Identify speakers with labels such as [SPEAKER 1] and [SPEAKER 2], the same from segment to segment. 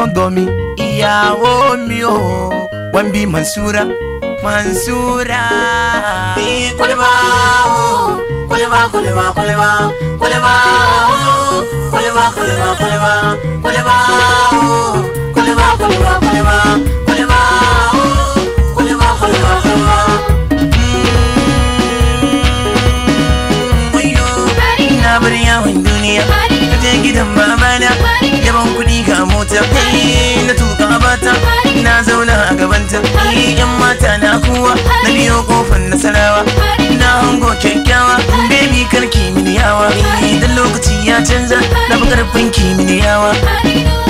[SPEAKER 1] sọ́dọ̀ mi mi o Mansura Mansura. kólébá o el o yawan kuɗi ga mota na tuka bata na zauna a gabanta yan mata na kuwa na biyo kofar nasarawa na hango kyakkyawa baby kar kimiyyawa idan eh, lokaci ya canza na fi karfin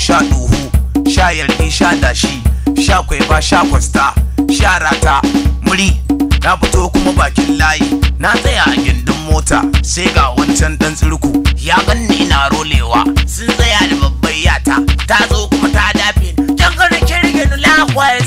[SPEAKER 1] sha duhu sha yardi sha dashi sha kwaiba sha kwasta sha rata muri na fito kuma bakin layi na tsaya a gindin mota sai ga wancan dan tsirku ya ganni na rolewa sun tsaya da babbar yata ta zo kuma ta dafe jan kirgin lakwai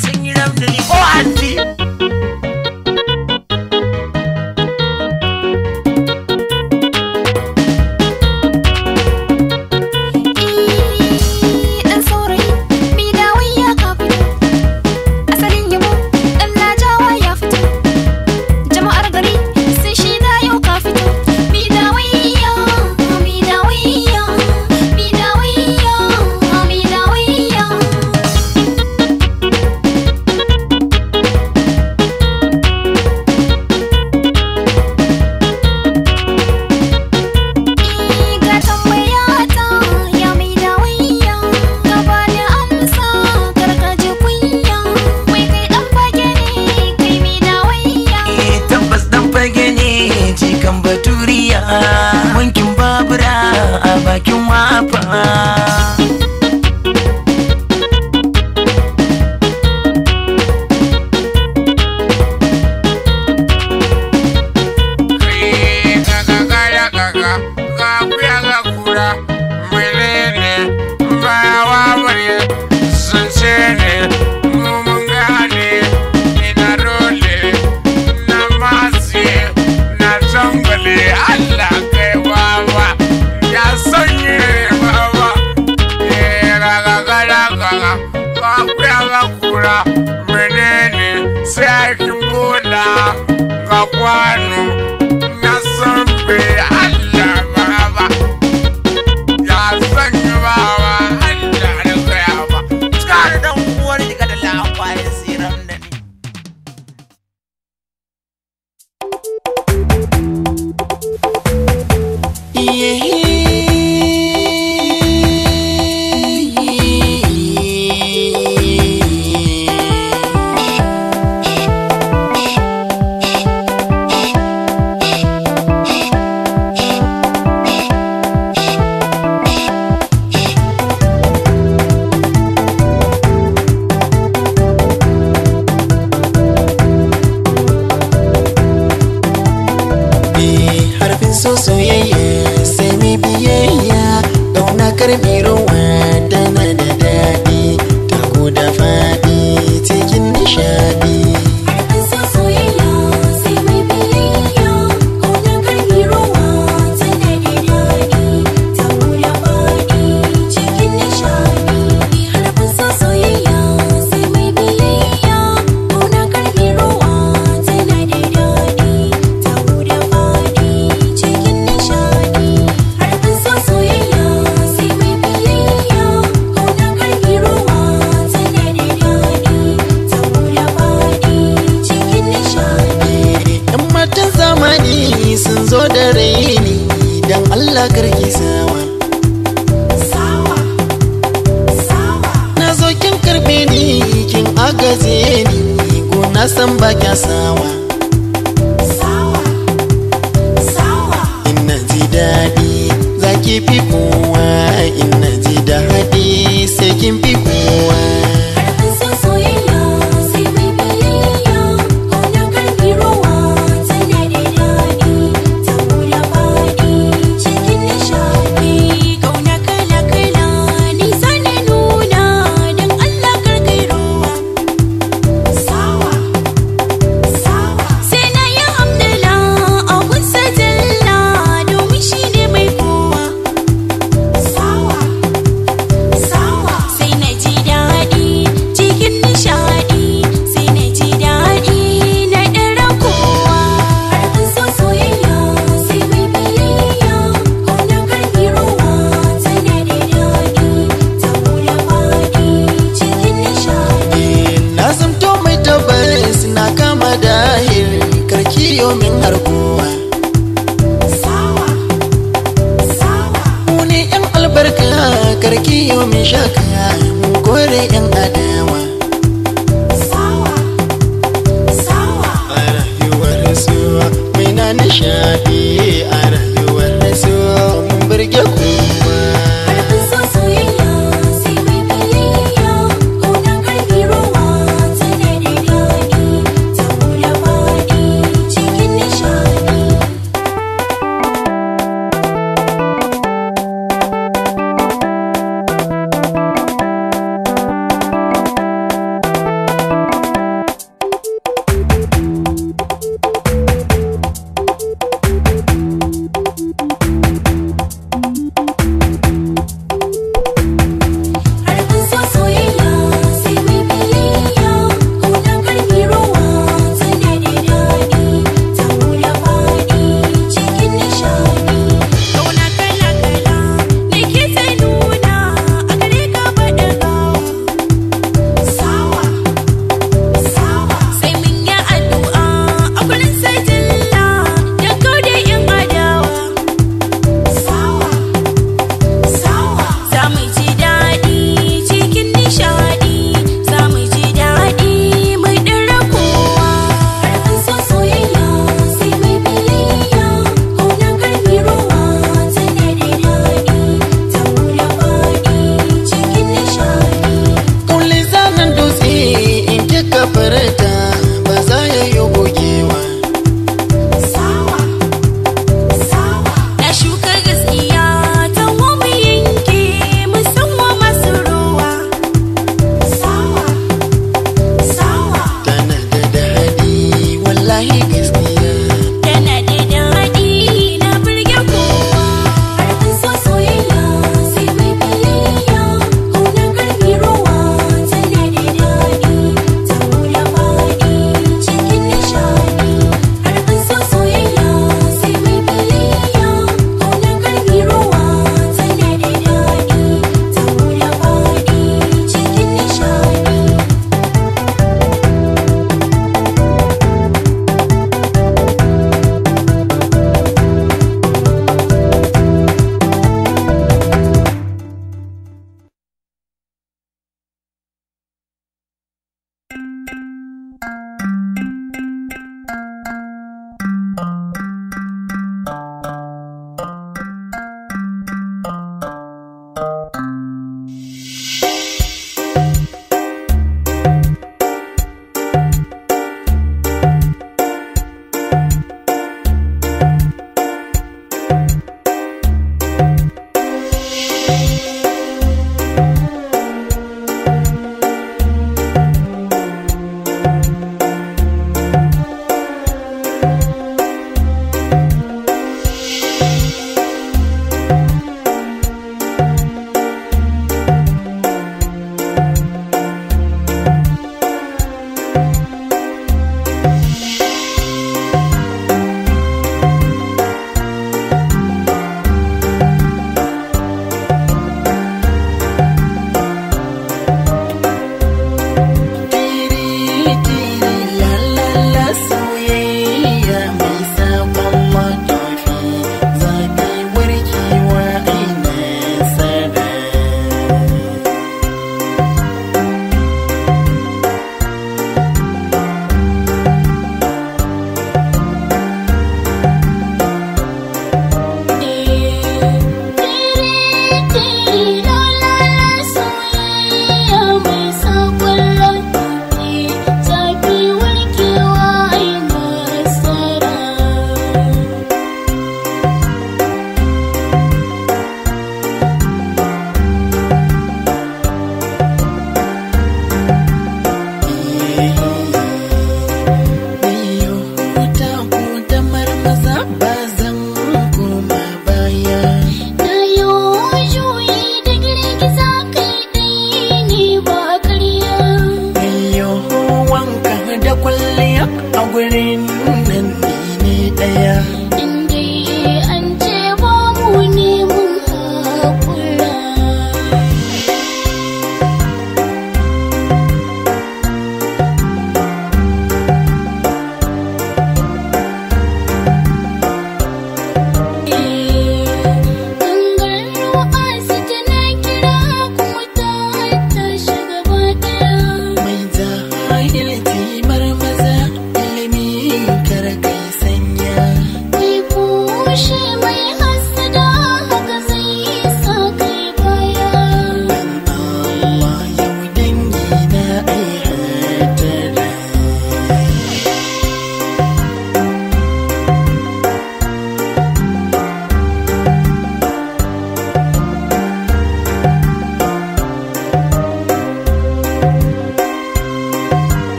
[SPEAKER 2] அவனே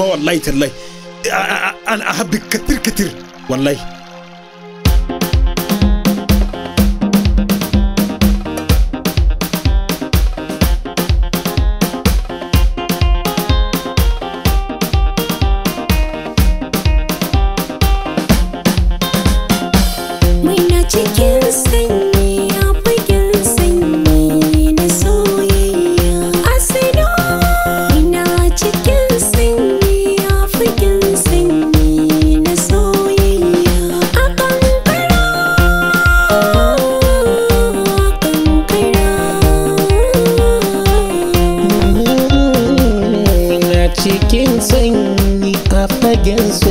[SPEAKER 3] ما والله تلاي انا احبك كثير كثير والله
[SPEAKER 4] against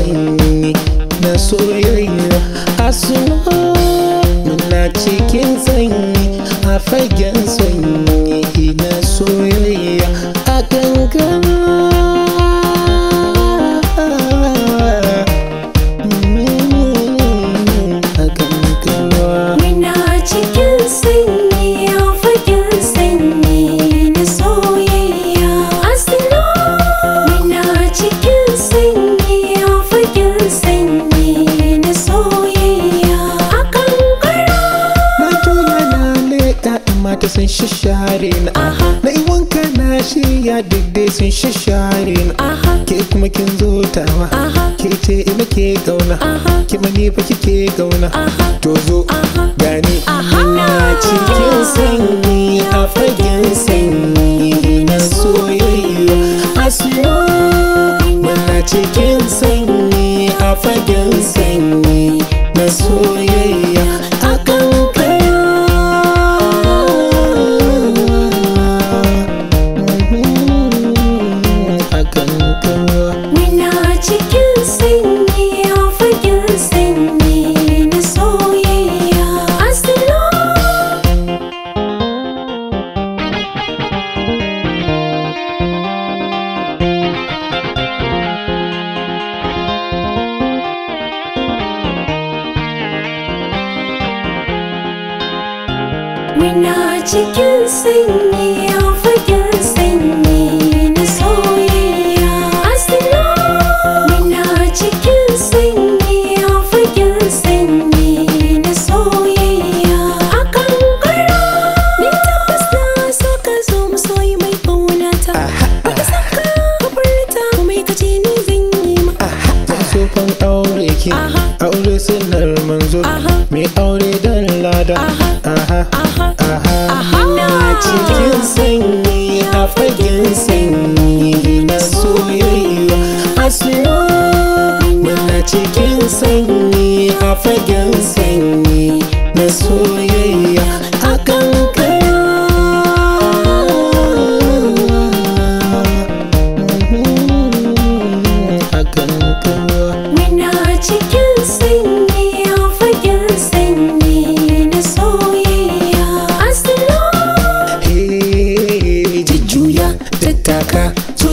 [SPEAKER 2] Cikin sanyi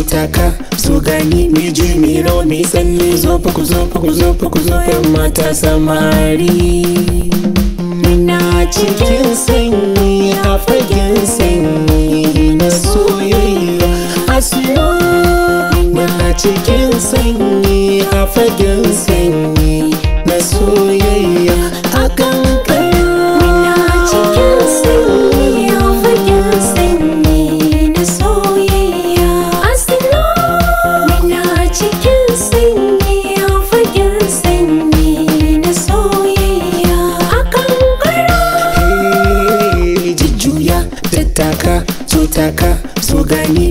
[SPEAKER 4] taka zo gani mi je mi ro mi sanni zo fa mata samari muna cikin sanyi a fagen sanyi na soyayya a cikin sanyi a fagen sanyi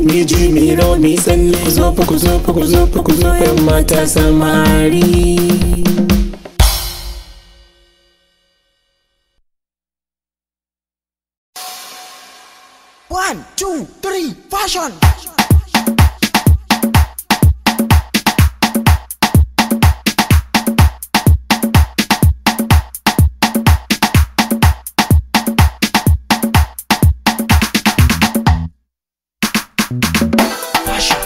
[SPEAKER 4] miji mai rawa mai tsalle ku zo ku zo ku zo ku zo yan mata samari
[SPEAKER 1] Russia.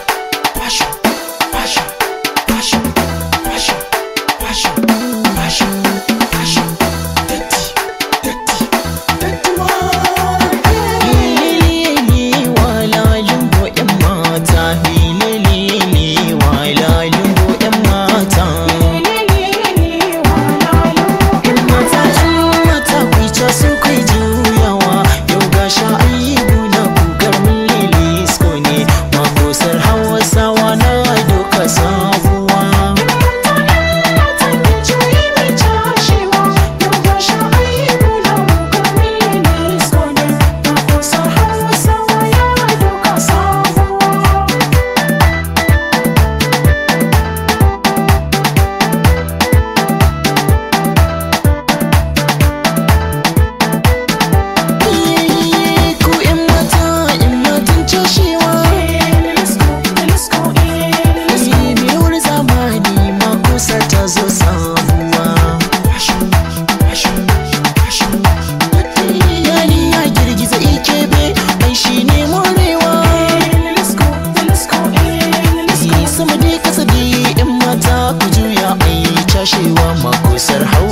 [SPEAKER 2] juya mai cashewa makosar hau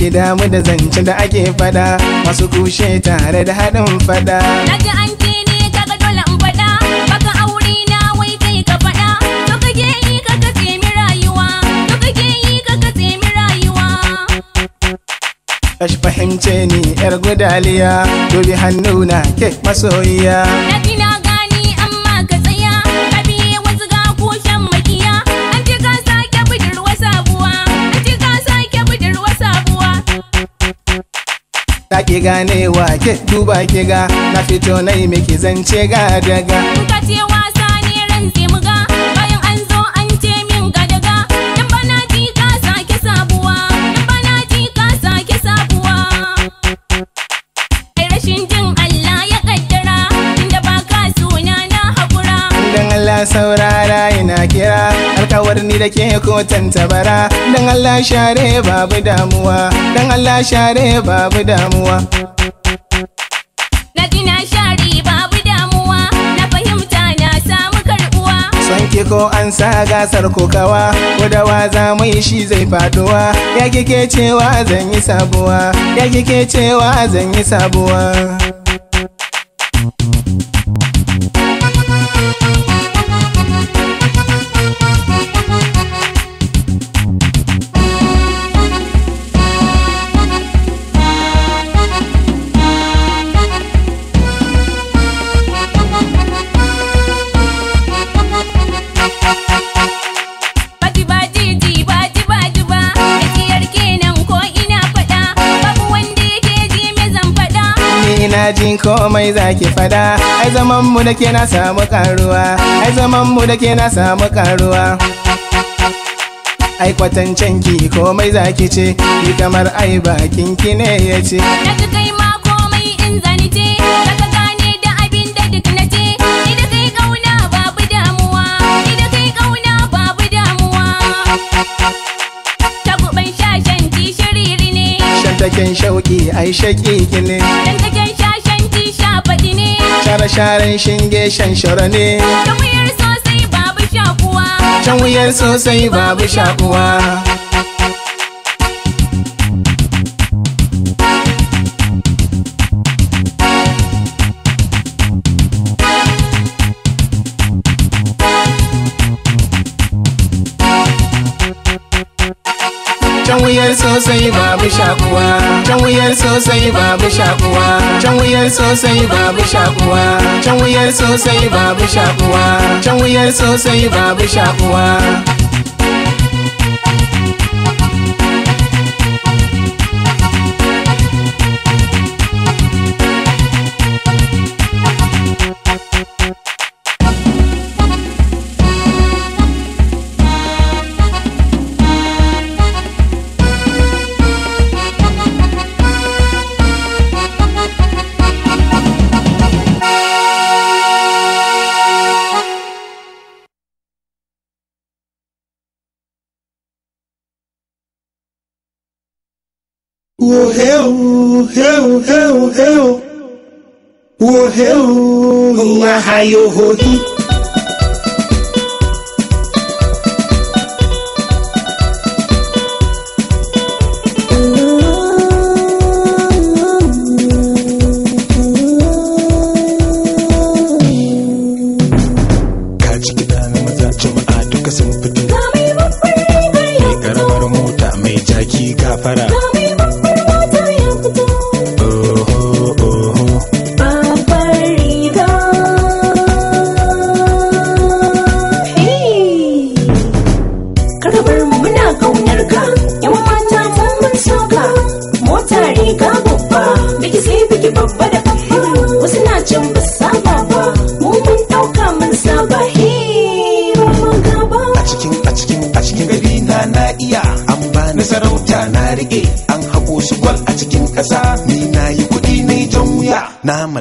[SPEAKER 5] ki mu da zancen da ake fada masu kushe tare da haɗin fada
[SPEAKER 2] daga an ce ne kaga dole in fada baka aure na wai kai ka fada to kake yi ka ka mi rayuwa to kake yi ka ka rayuwa
[SPEAKER 5] Kashi fahimce ni yar gudaliya, dubi hannu na ke masoyiya. Na ta ki gane wa ke duba ki ga na fito nai miki zance ga daga
[SPEAKER 2] kuka ce wasa ne ran sai mu ga bayan an zo an ce min ga daga dan bana ji ka sake sabuwa 'yan bana ji ka sake sabuwa ai rashin jin Allah ya kaddara inda ba ka suna na haƙura.
[SPEAKER 5] dan Allah saura ni da ke kotan dan Allah share babu damuwa dan Allah share babu damuwa
[SPEAKER 2] na gina share babu damuwa na fahimta na samu karbuwa
[SPEAKER 5] son ko an sa gasar kokawa ko da wa za yi shi zai faduwa ya kike cewa zan yi sabuwa ya kike cewa zan yi sabuwa komai zaki fada ai zaman mu dake na samu karuwa ai zaman mu dake na samu karuwa ai kwatancen ki komai zaki ce ki kamar ai bakin ki ne ya ce daga
[SPEAKER 2] kai ma komai in zani ce daga gane da abin da duk na ce idan kai kauna babu damuwa idan kai kauna babu damuwa ta guban shashen ki shiriri
[SPEAKER 5] ne shantaken shauki ai shaki ki share-sharen shinge shan shara ne can
[SPEAKER 2] wuyar sosai babu shakuwa can wuyar
[SPEAKER 5] sosai babu shakuwa can wuyar sosai babu shakuwa can wuyar sosai babu shakuwa can wuyar sosai babu shakuwa can wuyar sosai babu shakuwa can wuyar sosai babu shakuwa
[SPEAKER 2] Ohio, Ohio,
[SPEAKER 3] Ohio, Ohio, Ohio,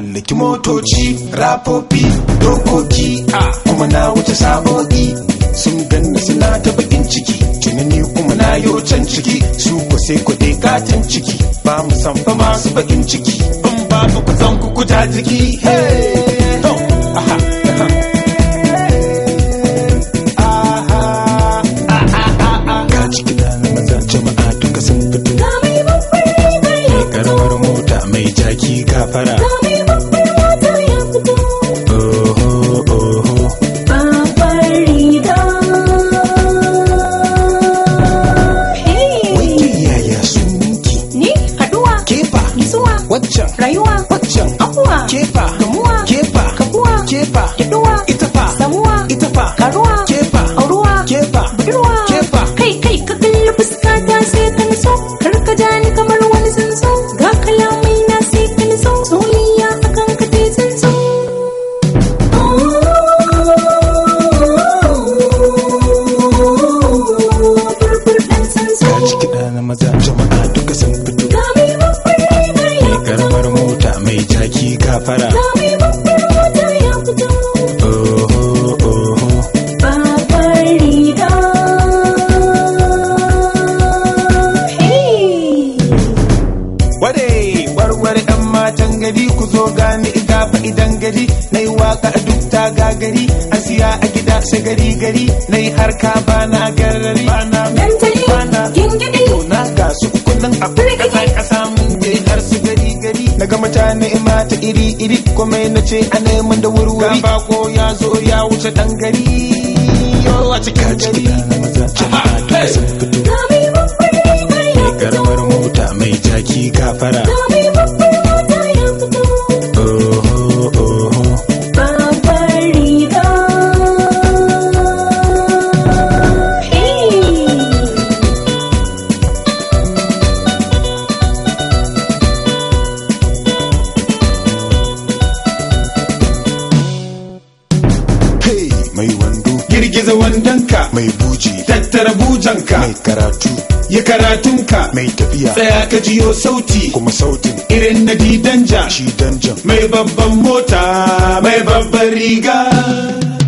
[SPEAKER 3] mallaki motoci rapopi dokoki a kuma na wuce sabo'i sun ganni suna ta bakin ciki tunani kuma na yi can ciki su ko sai ku dai katin ciki ba mu san ba masu bakin ciki ban ba ku zan ku kuta jiki hey wandanka mai buji tattara bujanka mai karatu ya karatunka mai tafiya tsaya ka jiyo sauti kuma sautin irin na didanja shi danja mai babban mota mai babban riga